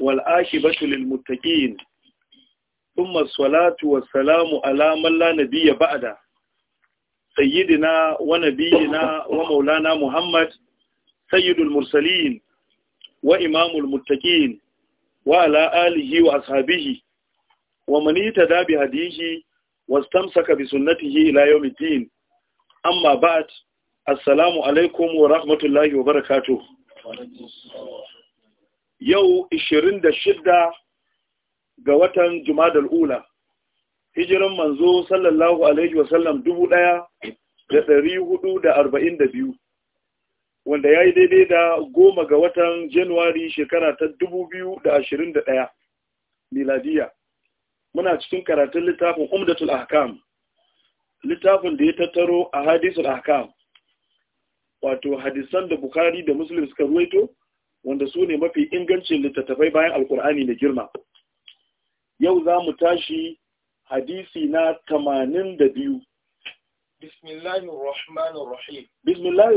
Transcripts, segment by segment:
wal’akibatu lilmuttaƙin ɗin masalatu wasalamu alamun lanabi ya ba’ada, sayyidina wa nabiyina wa maulana Muhammad, sayyidul mursalin wa imamul muttaƙin wa ala’alihi wa ashabihi, wa manita dabi hadihi wa stamsaka bi sunnatihi ila yawmiddin amma ba’ad, assalamu alaikum wa rahmatullahi wa barakatuh. yau 26 ga watan Jumadal Ula, hijiran manzo sallallahu Alaihi wasallam biyu, wanda ya yi daidai da goma ga watan Januari shekara ta ɗaya, miladiya. Muna cikin karatun littafin Umdatul Ahkam, littafin da ya tattaro a hadisul Ahkam, wato hadisan da Bukhari da Muslim suka ruwaito, wanda su ne mafi ingancin littattafai bayan alkur'ani mai girma yau za mu tashi hadisi na tamanin da biyu bismillahir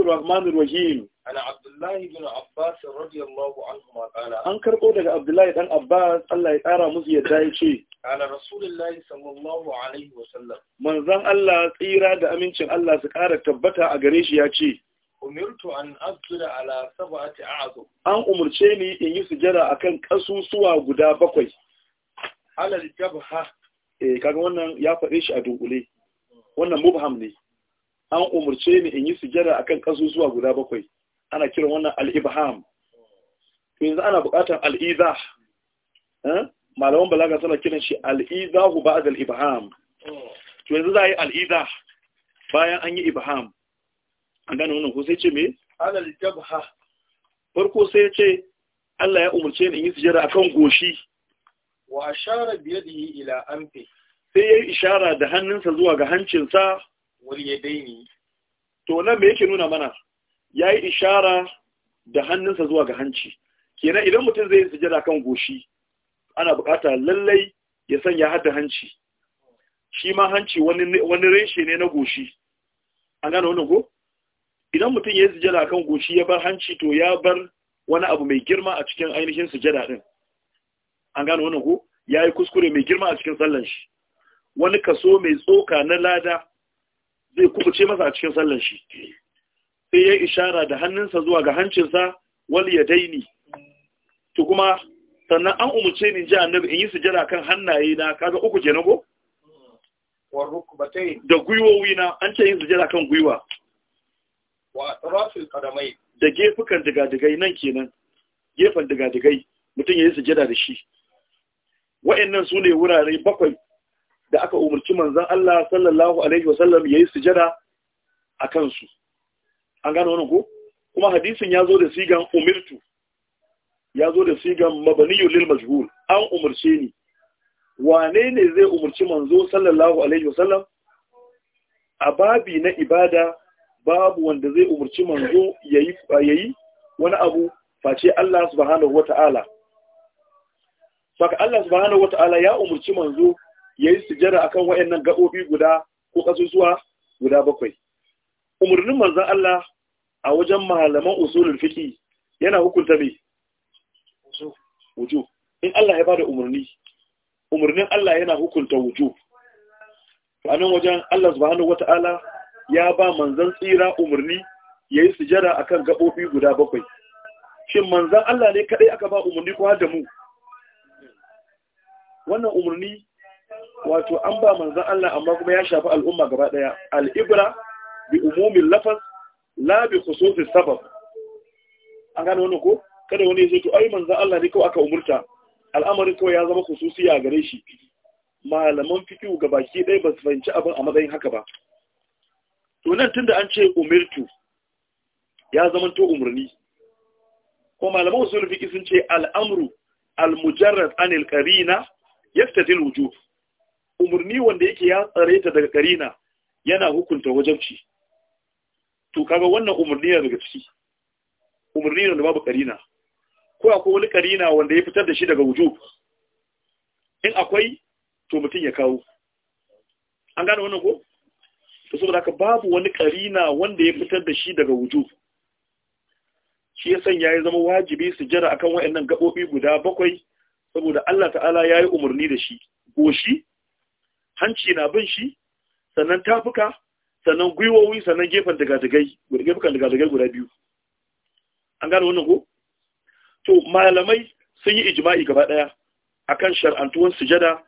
rahmanir rahim ana abdullahi bin abbas radiyallahu anhu qala an karbo daga abdullahi ɗan Abba Allah ya tsara musu yadda ya ce ala rasulullahi sallallahu alaihi wasallam manzon Allah tsira da amincin Allah su ƙara tabbata a gare shi ya ce umirtu an asjuda ala sab'ati a'zum an umurce ni in yi sujada akan kasusuwa guda bakwai alal jabha eh kaga wannan ya fade shi a dunkule wannan mubham ne an umurce ni in yi sujada akan kasusuwa guda bakwai ana kiran wannan al-ibham to yanzu ana buƙatar al-idah eh malaman balaga suna kiran shi al-idahu ba'da al-ibham oh. to yanzu za a yi al-idah bayan an yi ibham an gane wannan ko sai ce me alal jabha farko sai ce Allah ya umarce ni in yi sujada akan goshi wa ashara bi yadihi ila anfi sai ya yi ishara da hannunsa zuwa ga hancinsa wal yadaini to nan me yake nuna mana ya yi ishara da hannunsa zuwa ga hanci kenan idan mutum zai yi sujada kan goshi ana bukata lallai ya sanya hada hanci shi ma hanci wani reshe ne na goshi an gane wannan ko idan mutum ya yi sujada kan goshi ya bar hanci to ya bar wani abu mai girma a cikin ainihin sujada din an gano wannan ko ya yi kuskure mai girma a cikin sallan shi wani kaso mai tsoka na lada zai kubuce masa a cikin sallan shi sai ya ishara da hannunsa zuwa ga hancinsa wal ya daini to kuma sannan an umuce ni ji annabi in yi sujada kan hannaye na kaga uku kenan ko da gwiwowi na an ce yin sujada kan gwiwa da gefukan digadigai nan kenan gefen digadigai mutum ya yi sujada da shi wa'annan su ne wurare bakwai da aka umarci manzan Allah sallallahu alaihi wasallam ya yi sujada a kansu an gano wani ko kuma hadisin ya zo da sigan umirtu ya zo da sigan mabaniyu lil majhul an umarce ni wane ne zai umarci manzo sallallahu alaihi wasallam a babi na ibada babu wanda zai umarci manzo yayi yayi wani abu face Allah subhanahu wata'ala saka Allah subhanahu wata'ala ya umarci manzo yayi sujjada akan wayannan gabobi guda ko kasusuwa guda bakwai umarnin manzan Allah a wajen malaman usulul fiqi yana hukunta me wujub in Allah ya bada umarni umarnin Allah yana hukunta wujub nan wajen Allah subhanahu wata'ala ya ba manzan tsira umarni ya yi sujada a kan gaɓoɓi guda bakwai shin manzan Allah ne kaɗai aka ba umarni ko da mu wannan umarni wato an ba manzan Allah amma kuma ya shafi al'umma gaba ɗaya al'ibra bi umumin lafas la bi khususin sabab an gane wannan ko kada wani ya to ai manzan Allah ne kawai aka umurta al'amarin kawai ya zama a gare shi malaman ga baki ɗaya ba su fahimci abin a matsayin haka ba to nan tunda an ce umirtu ya zamanto umarni ko malaman usul fiqi sun ce al'amru al-mujarrad anil qarina yaftadil wujub umarni wanda yake ya tsare ta daga qarina yana hukunta wajabci to kaga wannan umarni ne daga ciki umarni ne babu qarina ko akwai wani qarina wanda ya fitar da shi daga wujub in akwai to mutum ya kawo an gane wannan ko to saboda haka babu wani karina wanda ya fitar da shi daga wujub shi ya sanya ya zama wajibi su jira akan waɗannan gabobi guda bakwai saboda Allah ta'ala ya yi umarni da shi goshi hanci na bin shi sannan tafuka sannan gwiwowi sannan gefen dagadagai gefen dagadagai guda biyu an gane wannan ko to malamai sun yi ijma'i gaba daya akan shar'antuwan sujada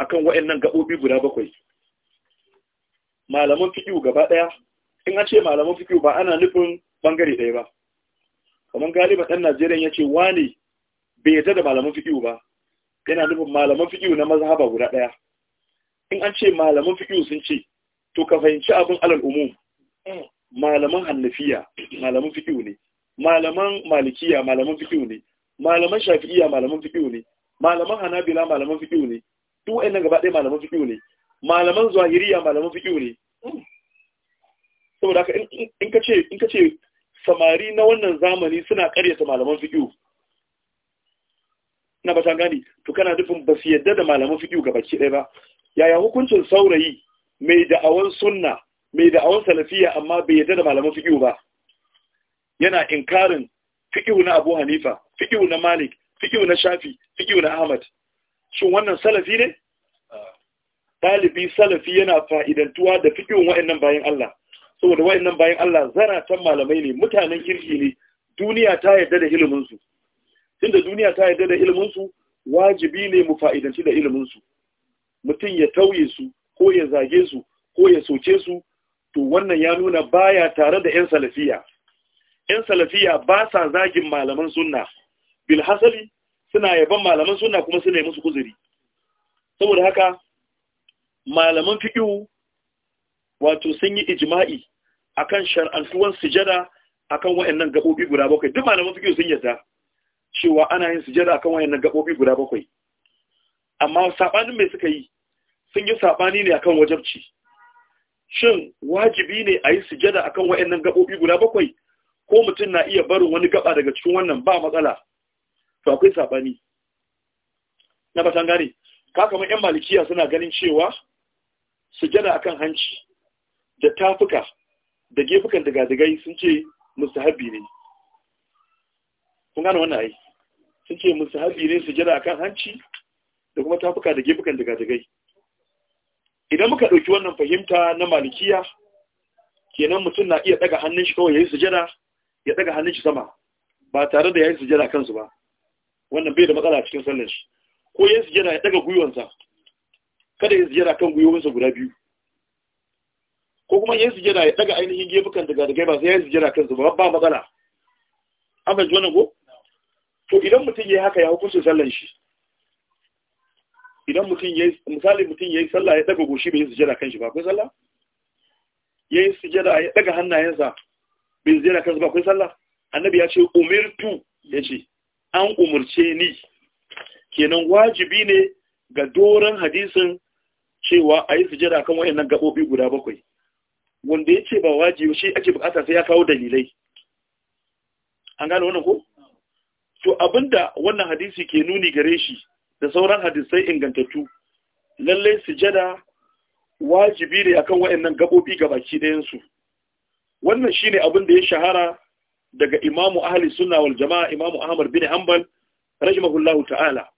akan waɗannan gabobi guda bakwai malaman fikiyu gaba ɗaya in a ce malaman fikiyu ba ana nufin bangare ɗaya ba kamar galiba ɗan najeriya ya ce wani bai yarda da malaman fikiyu ba yana nufin malaman fikiyu na mazhaba guda ɗaya in an ce malaman fikiyu sun ce to ka fahimci abin alal umum malaman hannafiya malaman fikiyu ne malaman malikiya malaman fikiyu ne malaman shafi'iya malaman fikiyu ne malaman hanabila malaman fikiyu ne duk wa'annan gaba ɗaya malaman fikiyu ne malaman zahiriya malaman fiƙiyu ne saboda haka in ka ce in ka samari na wannan zamani suna karyata malaman fiƙiyu na ba gani to kana nufin ba su yadda da malaman fiƙiyu ga baki ɗaya ba yaya hukuncin saurayi mai da'awan sunna mai da'awan salafiya amma bai yadda da malaman fiƙiyu ba yana inkarin fiƙiyu na abu hanifa fiƙiyu na malik fiƙiyu na shafi fiƙiyu na ahmad shin wannan salafi ne ɗalibi salafi yana fa'idantuwa da fikin wa'annan bayan Allah saboda wa'annan bayan Allah zaratan malamai ne mutanen kirki ne duniya ta yarda da iliminsu tunda duniya ta yarda da iliminsu wajibi ne mu fa'idanci da iliminsu mutum ya tauye su ko ya zage su ko ya soke su to wannan ya nuna baya tare da 'yan salafiya 'yan salafiya ba sa zagin malaman sunna hasali suna yaban malaman sunna kuma suna musu kuzuri saboda haka malaman fiƙihu wato sun yi ijma'i akan shar'antuwan sujada akan wayannan gabobi guda bakwai duk malaman fiƙihu sun yarda cewa ana yin sujada akan wayannan gabobi guda bakwai amma sabanin mai suka yi sun yi sabani ne akan wajabci shin wajibi ne a yi sujada akan wayannan gabobi guda bakwai ko mutum na iya barin wani gaba daga cikin wannan ba matsala to akwai sabani na ba gane ka kamar yan malikiya suna ganin cewa sujada akan hanci da tafuka da gefukan digadigai sun ce mustahabi ne kun gano wannan ai sun ce mustahabi ne sujada akan hanci da kuma tafuka da gefukan digadigai idan muka ɗauki wannan fahimta na malikiya kenan mutum na iya ɗaga hannun shi kawai ya yi sujada ya ɗaga hannun shi sama ba tare da ya yi sujada kansu ba wannan bai da matsala cikin sallar shi ko ya yi sujada ya ɗaga guyuwansa kada ya sujada kan gwiwowinsa guda biyu ko kuma yin sujada ya daga ainihin gefukan daga daga ba sai ya sujada kansu ba ba matsala an ji wannan ko to idan mutum ya haka ya hukunci sallan shi idan mutum yi, misali mutum ya yi sallah ya daga goshi bai sujada kan shi ba akwai sallah yi sujada ya daga hannayensa bai sujada kansu ba akwai sallah annabi ya ce umirtu ce an umurce ni kenan wajibi ne ga doron hadisin cewa a yi sujada kan wayannan gaɓoɓi guda bakwai wanda ya ce ba wajibi shi ake bukata sai ya kawo dalilai an gane wannan ko to abinda wannan hadisi ke nuni gare shi da sauran hadisai ingantattu lalle sujada wajibi ne akan wayannan gaɓoɓi gabaki ɗayan su wannan shine abin da ya shahara daga imamu ahli sunna wal jama'a imamu ahmad bin hanbal rahimahullahu ta'ala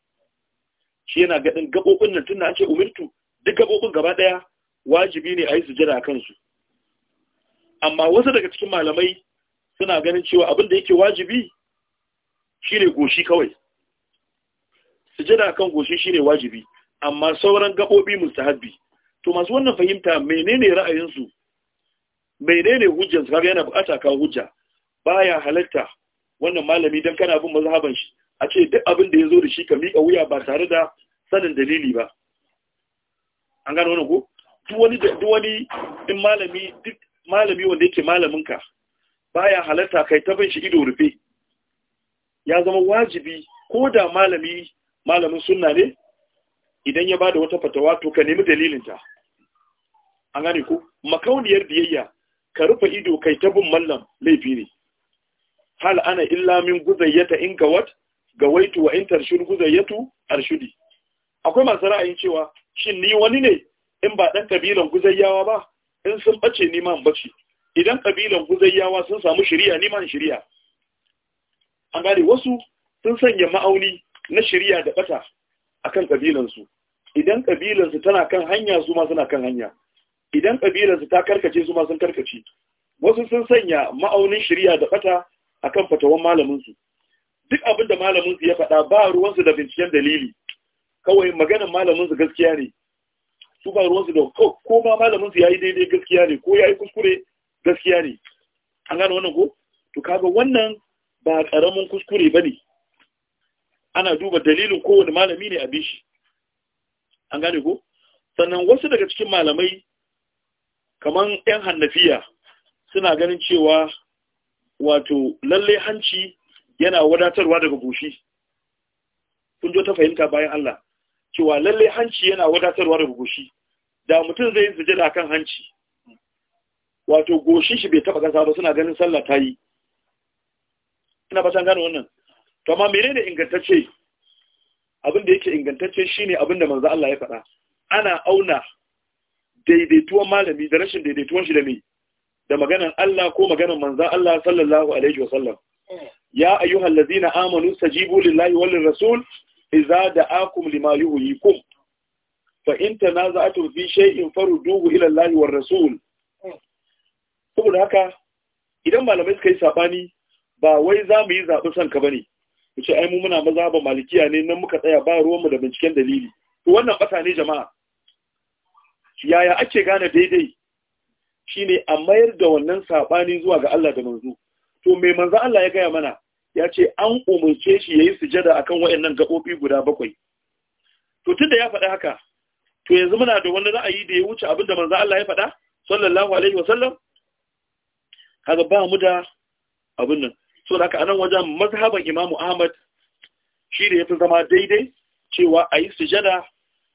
shi yana gaɗin gaɓoɓin nan tun an ce umirtu duk gabobin gaba ɗaya wajibi ne a yi sujada a kansu amma wasu daga cikin malamai suna ganin cewa abin da yake wajibi shine goshi kawai sujada kan goshi shine wajibi amma sauran gabobi mustahabbi to masu wannan fahimta menene ra'ayinsu menene hujjansu kaga yana bukata kawo hujja baya halatta wannan malami dan kana bin mazhaban shi a ce duk abin da zo da shi ka miƙa wuya ba tare da sanin dalili ba an gano wani ko duk wani duk in malami duk malami wanda yake malamin ka baya halarta kai ta bin shi ido rufe ya zama wajibi ko da malami malamin sunna ne idan ya bada wata fatawa to ka nemi dalilin ta an gane ko makauniyar biyayya ka rufe ido kai ta bin mallam laifi ne hal ana illa min guzayyata in gawat gawaitu wa in tarshud guzayyatu arshudi akwai masu ra'ayin cewa shin ni wani ne in ba ɗan ƙabilan guzayyawa ba in sun ɓace ni ma ɓace idan ƙabilan guzayyawa sun samu shirya ni ma shirya an gane wasu sun sanya ma'auni na shirya da ɓata a kan ƙabilansu idan ƙabilansu tana kan hanya su ma suna kan hanya idan ƙabilansu ta karkace su ma sun karkace wasu sun sanya ma'aunin shirya da ɓata a kan fatawan malaminsu duk abin da malaminsu ya faɗa ba ruwansu da binciken dalili kawai maganan malamin su gaskiya ne su ba ruwansu da ko ma malamin su yayi daidai gaskiya ne ko yayi kuskure gaskiya ne an gane wannan ko to kaga wannan ba karamin kuskure bane ana duba dalilin kowane malami ne a bishi an gane ko sannan wasu daga cikin malamai kaman yan hannafiya suna ganin cewa wato lalle hanci yana wadatarwa daga goshi kun jo ta fahimta bayan Allah cewa lalle hanci yana wadatarwa da goshi da mutum zai yi sujada kan hanci wato goshi shi bai taba kasa ba suna ganin sallah ta yi ina ba san gane wannan to amma menene ingantacce abin da yake ingantacce shine abin da manzo Allah ya faɗa ana auna daidaituwan malami da rashin daidaituwan shi da me da maganan Allah ko maganan manzo Allah sallallahu alaihi wasallam hmm. ya ayyuhal ladzina amanu sajibu lillahi wal rasul iza da akum lima yuhyikum fa in tanaza'tum fi shay'in farudduhu ila Allah war rasul saboda haka idan malamai suka yi sabani ba wai za mu yi zaɓi son ka bane mu ce ai mu muna maza ba malikiya ne nan muka tsaya ba ruwan mu da binciken dalili to wannan fata ne jama'a yaya ake gane daidai shine a mayar da wannan sabani zuwa ga Allah da manzo to me manzo Allah ya gaya mana ya ce an umarce shi ya yi sujada a kan nan gaɓoɓi guda bakwai to tun da ya faɗa haka to yanzu muna da wani ra'ayi da ya wuce abin da manzan Allah ya faɗa sallallahu alaihi wasallam haka ba mu da abin nan so da haka anan wajen mazhaban imamu Ahmad shi da ya fi zama daidai cewa a yi sujada a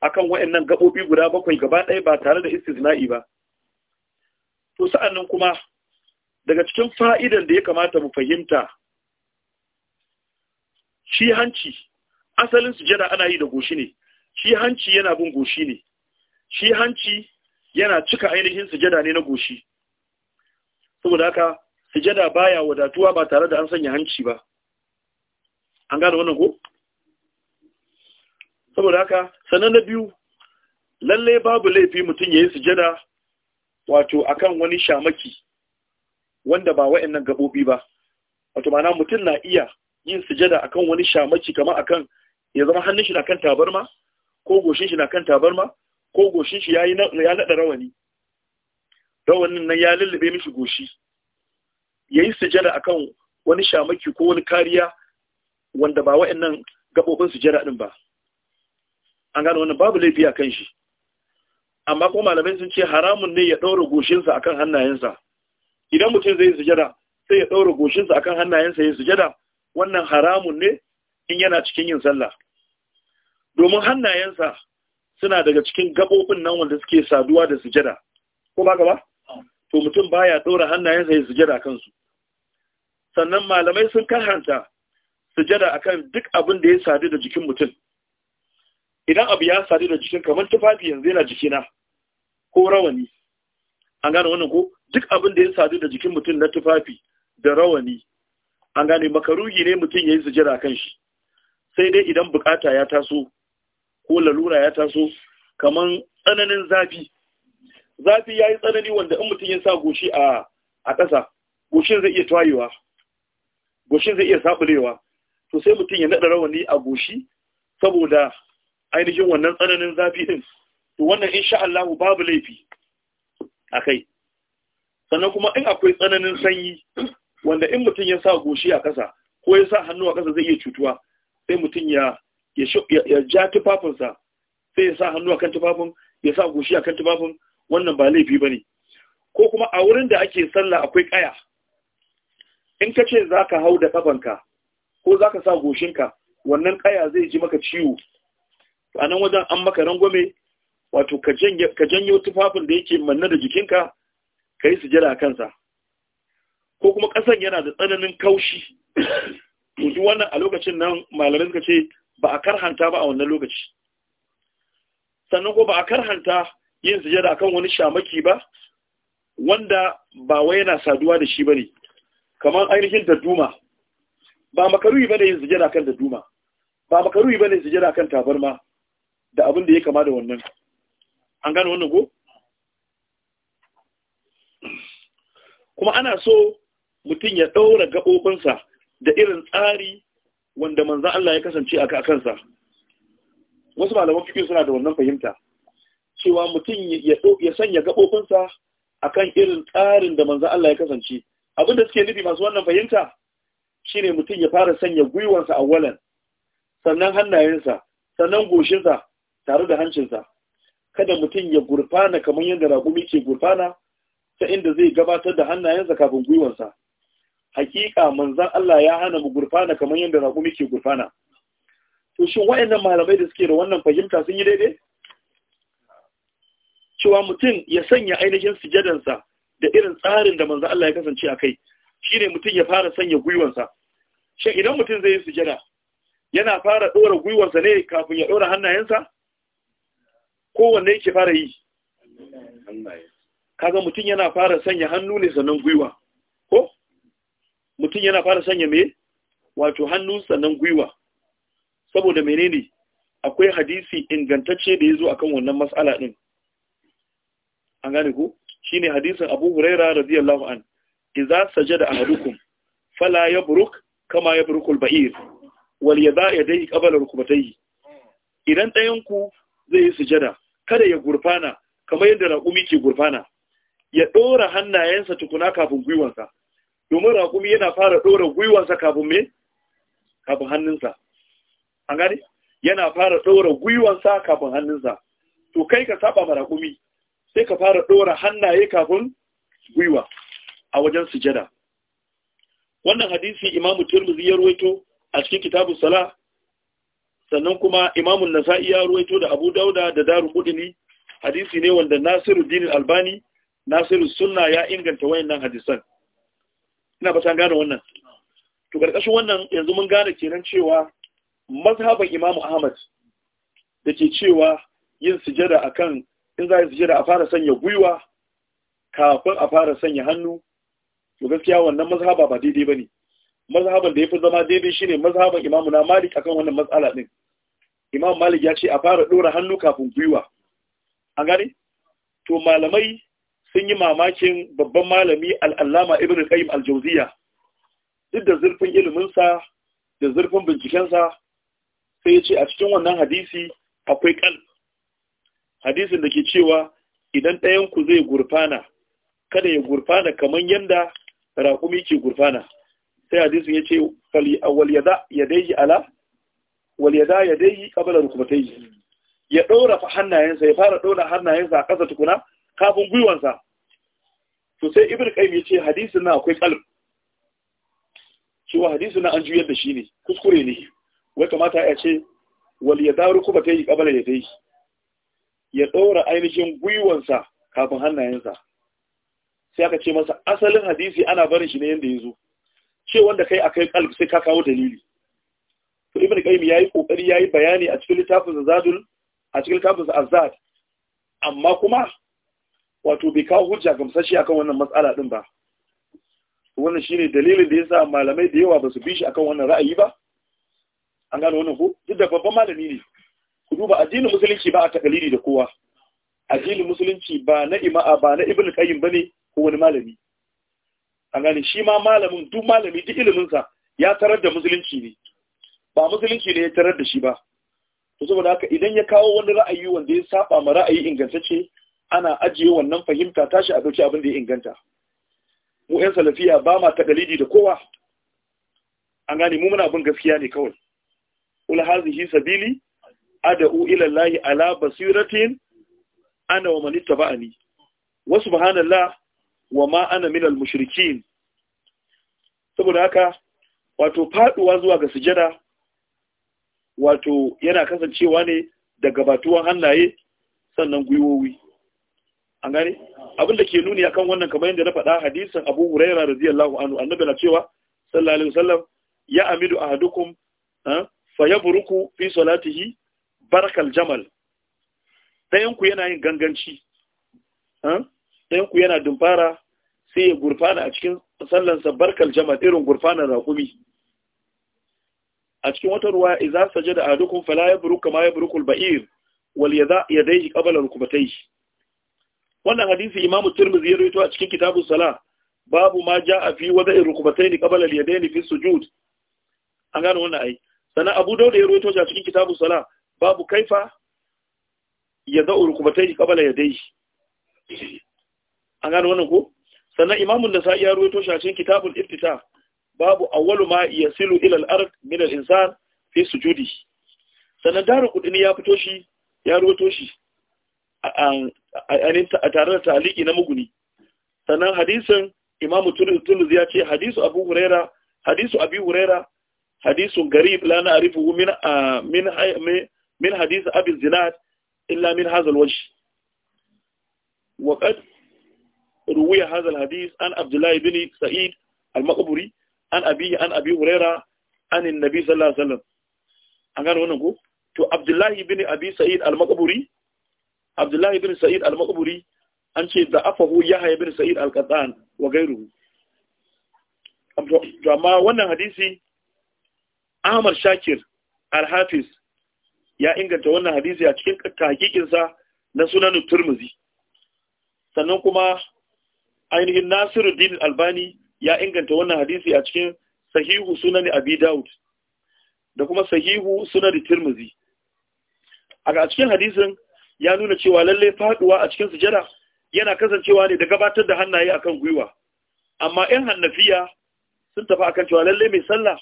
akan nan gaɓoɓi guda bakwai gaba ɗaya ba tare da istisna'i ba to sa'annan kuma daga cikin fa'idan da ya kamata mu fahimta shi hanci asalin sujada ana yi da goshi ne shi hanci yana bin goshi ne shi hanci yana cika ainihin sujada ne na goshi saboda haka sujada baya wadatuwa ba tare da an sanya hanci ba an gane wannan ko saboda haka sanan na biyu lallai babu laifi mutum ya yi sujada wato akan wani shamaki wanda ba wa'annan gabobi ba wato ma'ana mutum na iya yin sujada akan wani shamaki kamar akan ya zama hannun shi na kan tabarma ko goshin shi na kan tabarma ko goshin shi ya naɗa rawani rawanin nan ya lullube mishi goshi ya yi sujada akan wani shamaki ko wani kariya wanda ba wa'annan gaɓoɓin sujada ɗin ba an gano wannan babu laifi a kan shi amma ko malamai sun ce haramun ne ya ɗaura goshinsa akan hannayensa idan mutum zai yi sujada sai ya ɗaura goshinsa akan hannayensa ya sujada wannan haramun ne in yana cikin yin sallah domin hannayensa suna daga cikin gabobin nan wanda suke saduwa da sujada ko ba gaba? to mutum baya ɗora hannayensa ya sujada kansu sannan malamai sun karanta sujada akan duk abin da ya sadu da jikin mutum idan abu ya sadu da jikin kamar tufafi yanzu yana jikina ko rawani an gane wannan ko duk abin da ya sadu da jikin mutum na tufafi da rawani an gane makarugi ne mutum ya yi sujira kan shi sai dai idan bukata ya taso ko lalura ya taso kamar tsananin zafi zafi ya yi tsanani wanda in mutum ya sa goshi a ƙasa goshin zai iya tawayewa goshin zai iya sabulewa to sai mutum ya naɗa rawani a goshi saboda ainihin wannan tsananin zafi ɗin to wannan insha Allah babu laifi a kai sannan kuma in akwai tsananin sanyi wanda in mutum ya sa goshi a ƙasa ko ya sa hannu a ƙasa zai iya cutuwa sai mutum ya ja tufafinsa sai ya sa hannu a kan tufafin ya sa goshi a kan tufafin wannan ba laifi ba ne ko kuma a wurin da ake sallah akwai ƙaya in ka ce za ka hau da ƙafanka ko za ka sa goshinka wannan ƙaya zai ji maka ciwo a nan wajen an maka rangwame wato ka janyo tufafin da yake manna da jikinka ka yi sujada a kansa ko kuma ƙasan yana da tsananin kaushi to wannan a lokacin nan malamai suka ce ba a karhanta ba a wannan lokaci sannan ko ba a karhanta yin sujada akan wani shamaki ba wanda ba wai yana saduwa da shi bane kamar ainihin dadduma ba ba bane yin sujada akan dadduma ba makaruhi bane sujada akan tabarma da abin da ya kama da wannan an gane wannan ko kuma ana so mutum ya ɗaura gaɓoɓinsa da irin tsari wanda manzan Allah ya kasance a kansa wasu malaman fiƙi suna da wannan fahimta cewa mutum ya sanya gaɓoɓinsa a kan irin tsarin da manzan Allah ya kasance abin da suke nufi masu wannan fahimta shine mutum ya fara sanya gwiwansa a walan sannan hannayensa sannan goshinsa tare da hancinsa kada mutum ya gurfana kamar yadda ragumi ke gurfana ta inda zai gabatar da hannayensa kafin gwiwansa hakika manzan Allah ya hana mu gurfana kamar yadda kuma ke gurfana to shin wa'annan malamai da suke da wannan fahimta sun yi daidai cewa mutum ya sanya ainihin sujadansa da irin tsarin da manzan Allah ya kasance a kai shine mutum ya fara sanya gwiwansa shin idan mutum zai yi sujada yana fara ɗora gwiwansa ne kafin ya ɗora hannayensa kowanne yake fara yi kaga mutum yana fara sanya hannu ne sannan gwiwa mutum yana fara sanya me wato hannu sannan gwiwa saboda menene akwai hadisi ingantacce da ya zo akan wannan matsala din an gane ku shine hadisin Abu Huraira radiyallahu an idza sajada ahadukum fala yabruk kama yabruku al-ba'ir wal yada yadayhi qabla rukbatayhi idan ɗayanku zai yi sujada kada ya gurfana kamar yadda raƙumi ke gurfana ya ɗora hannayensa tukuna kafin gwiwansa domin raƙumi yana fara ɗora gwiwansa kafin me kafin hannunsa an gane yana fara ɗora gwiwansa kafin hannunsa to kai ka saba ma raƙumi sai ka fara ɗora hannaye kafin gwiwa a wajen sujada wannan hadisi imamu turmuzi ya ruwaito a cikin kitabun sala sannan kuma imamun nasa'i ya ruwaito da abu dauda da daru kudini hadisi ne wanda nasiru dinin albani nasiru sunna ya inganta wayannan hadisan ina ba san gane wannan to karkashin wannan yanzu mun gane kenan cewa mazhaban imamu Ahmad da ke cewa yin sujada akan in za a sujada a fara sanya gwiwa kafin a fara sanya hannu to gaskiya wannan mazhaba ba daidai ba ne. mazhaban da ya fi zama daidai shine mazhaban Imam na Malik akan wannan matsala din Imam Malik ya ce a fara dora hannu kafin gwiwa an gane to malamai sun yi mamakin babban malami al'allama ibn qayyim al duk da zurfin iliminsa da zurfin bincikensa sai ya ce a cikin wannan hadisi akwai kan hadisin da ke cewa idan ɗayanku zai gurfana kada ya gurfana kamar yadda raƙumi ke gurfana sai hadisin ya ce wal ya yadayhi ala walyada ya ɗora hannayensa ya fara ɗora hannayensa a ƙasa tukuna kafin gwiwansa to sai ibn ce ce hadisin nan akwai qalb cewa hadisin nan an juyar da shi ne kuskure ne wai kamata ya ce wal yadaru kuma ta yi kabala ya dai ya ɗora ainihin gwiwansa kafin hannayensa sai aka ce masa asalin hadisi ana barin shi ne yanda ya zo ce wanda kai akai kalb sai ka kawo dalili to ibn qayyim yayi kokari yayi bayani a cikin littafin zadul a cikin littafin azad amma kuma wato bai kawo hujja gamsashi akan wannan matsala din ba wannan shine dalilin da yasa malamai da yawa ba su bi shi akan wannan ra'ayi ba an gano wannan ko duk da babban malami ne ku duba addinin musulunci ba a takalidi da kowa addinin musulunci ba na ima'a ba na ibnu qayyim bane ko wani malami an gane shi ma malamin duk malami duk ilimin sa ya tarar da musulunci ne ba musulunci ne ya tarar da shi ba to saboda haka idan ya kawo wani ra'ayi wanda ya saba ma ra'ayi ingantacce ana ajiye wannan fahimta tashi a dauki abin da ya inganta mu yan salafiya ba ma ta takalidi da kowa an gane mu muna bin gaskiya ne kawai ul hazihi sabili ad'u ila llahi ala basiratin ana wa man ittaba'ani wa subhanallah wa ma ana min al mushrikin saboda haka wato faduwa zuwa ga sujada wato yana kasancewa ne daga batuwan hannaye sannan gwiwowi an gane abin da ke nuni akan wannan kamar yadda na faɗa hadisin Abu Hurairah radiyallahu anhu annabi na cewa sallallahu alaihi wasallam ya amidu ahadukum fa yabruku fi salatihi barakal jamal dayan ku yana yin ganganci dayan ku yana dumfara sai ya gurfana a cikin sallansa barkal jamal irin gurfanar raƙumi a cikin wata ruwa idza sajada ahadukum fala yabruku kama yabruku al-ba'ir wal yadayhi qabla rukbatayhi wannan hadisi imamu tirmidhi ya rawaito a cikin kitabun sala babu ma jaa fi wada'i rukbatayn qabla al-yadayn fi sujud an gano wannan ai sannan abu dauda ya rawaito a cikin kitabun sala babu kaifa yada'u rukbatayn qabla yadayhi an gano wannan ko sannan imamun da sa'i ya ruwaito a cikin kitabun iftita babu awwalu ma yasilu ila al-ard min al-insan fi sujudi sannan daru kudini ya fito shi ya ruwaito shi a tare da taliki na muguni sannan hadisin imamu tuluz ya ce hadisu abu huraira hadisu abi huraira hadisun garib la na'rifu min min min hadis abi zinad illa min hadha alwajh wa qad ruwiya hadha alhadis an abdullah ibn sa'id al-maqburi an abihi an abi huraira an Nabi, sallallahu alaihi wasallam an gano wannan ko to abdullah ibn abi sa'id al-maqburi abdullahi bin sa'id al-maqburi an ce da afahu yahya bin sa'id al qattan wa gairu. amma wannan hadisi Ahmad Shakir al-Hafiz ya inganta wannan hadisi a cikin sa na Sunan Tirmidhi sannan kuma ainihin Nasiruddin Albani ya inganta wannan hadisi a cikin Sahihu Sunan Abi Dawud da kuma Sahihu Sunan Tirmidhi a cikin hadisin ya nuna cewa lallai faduwa a cikin sujada yana kasancewa ne da gabatar da hannaye akan gwiwa amma ɗan hannafiya sun tafi akan cewa lalle mai sallah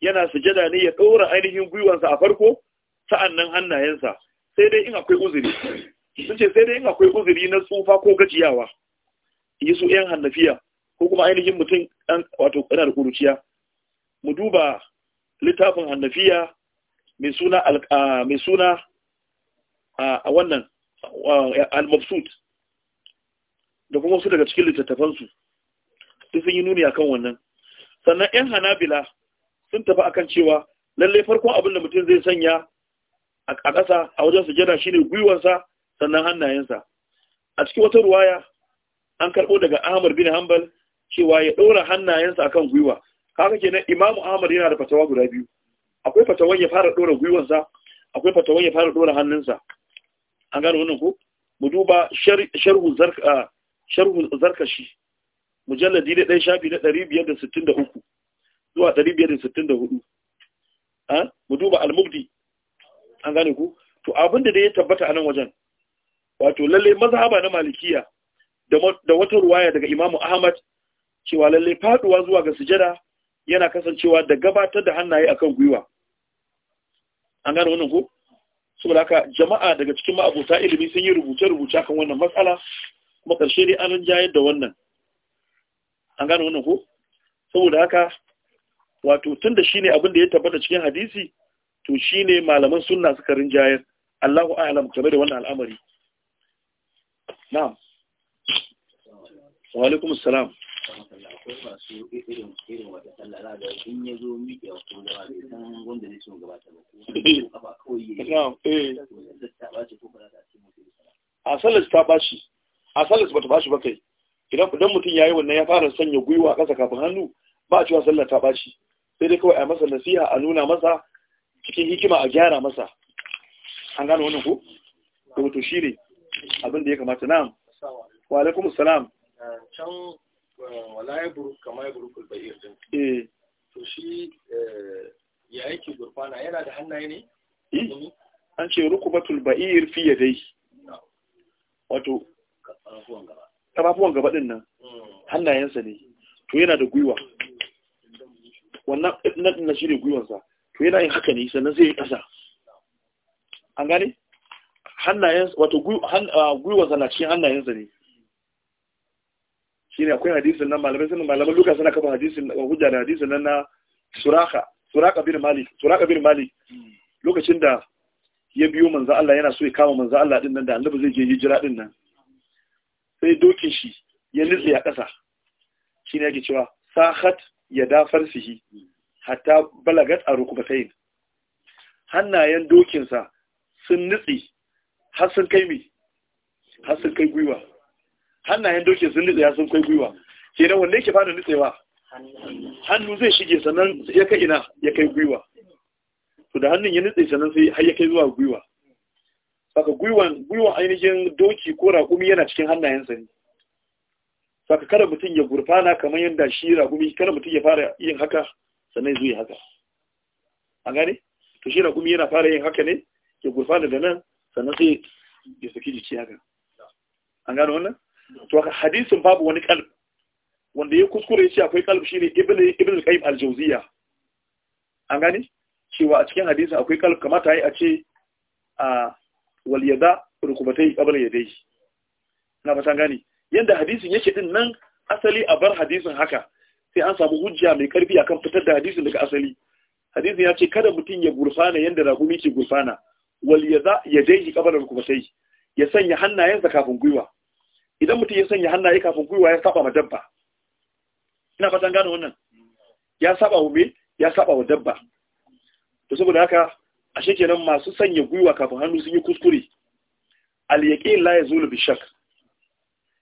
yana sujada ne ya ɗora ainihin gwiwansa a farko sa'annan hannayensa sai dai in akwai uzuri sun ce sai dai in akwai uzuri na tsufa ko gajiyawa yi su ɗan hannafiya ko kuma ainihin mutum ɗan wato yana da kuruciya mu duba littafin hannafiya mai suna mai suna a wannan al-mabsut da kuma wasu daga cikin littattafansu sun sun yi nuni akan wannan sannan 'yan hanabila sun tafi a kan cewa lallai farkon abin da mutum zai sanya a ƙasa a wajen su sujada shine gwiwansa sannan hannayensa a cikin wata ruwaya an karɓo daga ahmad bin Hambal cewa ya ɗora hannayensa akan gwiwa haka kenan imamu ahmad yana da fatawa guda biyu akwai fatawan ya fara ɗora gwiwansa akwai fatawan ya fara ɗora hannunsa an gano wannan ko mu duba sharhu zarka sharhu zarkashi mujalladi da ɗaya shafi na ɗari biyar da sittin da uku zuwa ɗari biyar da sittin da hudu mu duba almubdi an gane ku to abin da ya tabbata a nan wajen wato lalle mazhaba na malikiya da wata ruwaya daga imamu ahmad cewa lalle faduwa zuwa ga sujada yana kasancewa da gabatar da hannaye akan gwiwa an gane wannan ko saboda haka jama'a daga cikin ma'abota ilimi sun yi rubuce-rubuce kan wannan matsala kuma ƙarshe dai an jayar da wannan an gane wannan ko saboda haka wato tun da shine abin da ya tabbata cikin hadisi to shine malaman sunna suka rinjayar Allahu a'lam game da wannan al'amari na'am wa alaikum sallah akwai masu irin irin wata sallah za ya yi a sallar ta ɓaci idan idan mutum yayi wannan ya fara sanya gwiwa a ƙasa kafin hannu ba a cewa sallah ta bashi sai dai kawai a masa nasiha a nuna masa cikin hikima a gyara masa an gano wannan ko to abin da ya kamata na wa alaikum salam Eh, wala ya buru kama ya buru kulba irin eh to shi eh, ya yake gurfana yana da hannaye ne eh. an ce rukubatul ba'ir fi dai. wato kafafuwan gaba din nan hmm. hannayensa ne to yana da gwiwa wannan ɗin na shi ne gwiwansa to yana yin haka ne sannan zai yi ƙasa an gane hannayensa wato ah, gwiwansa na cikin hannayensa ne shine akwai hadisin nan malamai sun malaman duka suna kafa hadisin hujja da hadisin nan na suraka suraka bin malik suraka bin malik lokacin da ya biyo manzo Allah yana so ya kama manzo Allah din nan da annabi zai je hijira din nan sai dokin shi ya nitsi a ƙasa shine yake cewa sahat ya da farsihi hatta balagat a rukubatayn hannayen dokinsa sun nitsi har sun kai mi har sun kai gwiwa hannayen dokin sun ya sun kai gwiwa kenan wanda yake fara nitsewa hannu zai shige sannan ya kai ina ya kai gwiwa to da hannun ya nitse sannan sai har ya kai zuwa gwiwa saka gwiwan gwiwan ainihin doki ko raƙumi yana cikin hannayensa ne saka kada mutum ya gurfana kamar yadda shi raƙumi kada mutum ya fara yin haka sannan ya haka an gane to shi raƙumi yana fara yin haka ne ya gurfana da nan sannan sai ya saki jiki haka an gane wannan to hadisin babu wani kalb wanda ya kuskure shi ce akwai kalb shine ibnu ibnu qayyim al-jawziya an gani cewa a cikin hadisin akwai kalb kamata yi a ce a wal yada rukubatai qabla yadayhi na san gani yanda hadisin yake din nan asali a bar hadisin haka sai an samu hujja mai karfi akan fitar da hadisin daga asali hadisin ya ce kada mutum ya gurfana yanda ragumi ke gurfana wal yada yadayhi qabla rukubatai ya sanya hannayensa kafin gwiwa idan mutum ya sanya hannaye kafin gwiwa ya saba ma dabba ina fatan gane wannan ya saba wa me ya saba wa dabba to saboda haka a kenan masu sanya gwiwa kafin hannu sun yi kuskure al-yaqin la yazul bi shak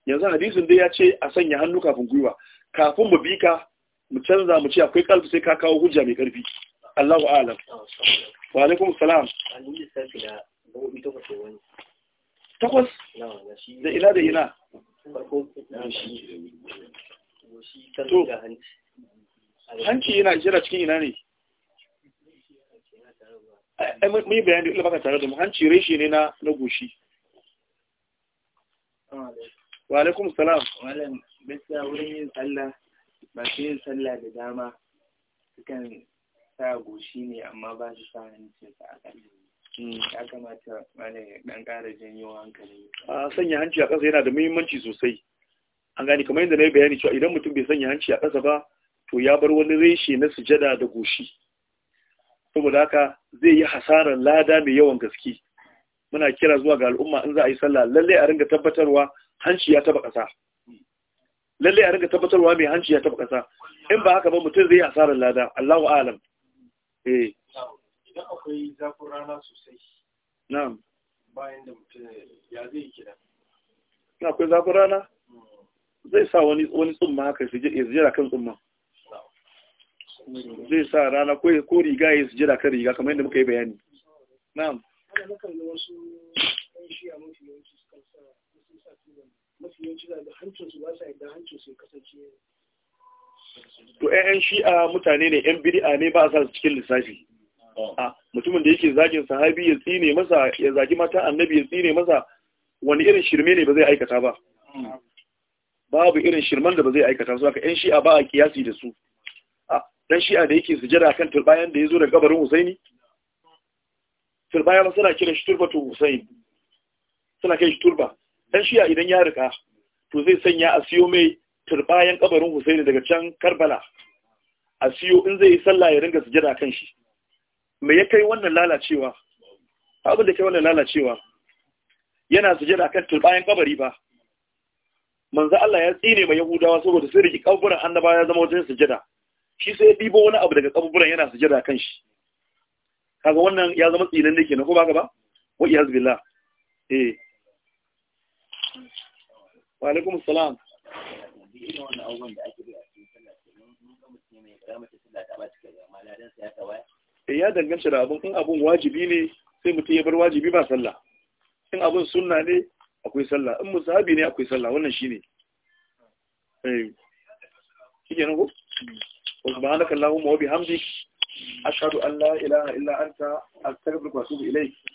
yanzu hadisin dai ya ce a sanya hannu kafin gwiwa kafin mu bi ka mu canza mu ce akwai kalbi sai ka kawo hujja mai karfi Allahu a'lam wa alaikum salam takwas da ina da ina hanci yana jira cikin ina ne mai da ila baka tare da mu hanci reshe ne na goshi wa alaikum salam walan bisa wurin yin tsalla masu yin tsalla da dama sukan sa goshi ne amma ba su sa hanci sa a kan hmm. ya kamata malam ya dan janyo hankali a sanya hanci a ƙasa yana da muhimmanci sosai an gani kamar yadda na yi bayani cewa idan mutum bai sanya hanci a ƙasa ba to ya bar wani reshe na sujada da goshi saboda haka zai yi hasarar lada mai yawan gaske muna kira zuwa ga al'umma in za a yi sallah lallai a ringa tabbatarwa hanci ya taba ƙasa lallai a ringa tabbatarwa mai hanci ya taba ƙasa in ba haka ba mutum zai yi hasarar lada Allahu alam eh idan akwai zafin rana sosai na'am bayan da mutum ya zai kira akwai zafin rana zai sa wani wani tsumma haka shi ya jira kan tsumma zai sa rana ko ko riga ya jira kan riga kamar yadda muka yi bayani na'am to ƴaƴan shi'a mutane ne ƴan bid'a ne ba a sa cikin lissafi a mutumin da yake zagin sahabi ya tsine masa ya zagi mata annabi ya tsine masa wani irin shirme ne ba zai aikata ba babu irin shirman da ba zai aikata su haka ɗan shi'a ba a kiyasi da su ɗan shi'a da yake sujada kan turbayan da ya zo da gabarin husaini turbayan suna kiran shi turba to husaini suna kai shi turba ɗan shi'a idan ya rika to zai sanya a siyo mai turbayan kabarin husaini daga can karbala a siyo in zai yi sallah ya ringa sujada kan shi me ya kai wannan lalacewa abin da kai wannan lalacewa yana sujada kan turbayan kabari ba manzo Allah ya tsine mai Yahudawa saboda sai riki kaburin annaba ya zama wajen sujada shi sai ya dibo wani abu daga kaburin yana sujada kan shi kaga wannan ya zama tsinan ne kenan ko baka ba wa iyaz billah eh wa alaikum assalam eh, ya danganta da abun in abun wajibi ne sai mutum ya bar wajibi ba sallah in abun sunna ne akwai sallah in musahabi ne akwai sallah wannan shine eh kike nan ko wa subhanaka allahumma wa bihamdik ashhadu an la ilaha illa anta astaghfiruka wa atubu ilayk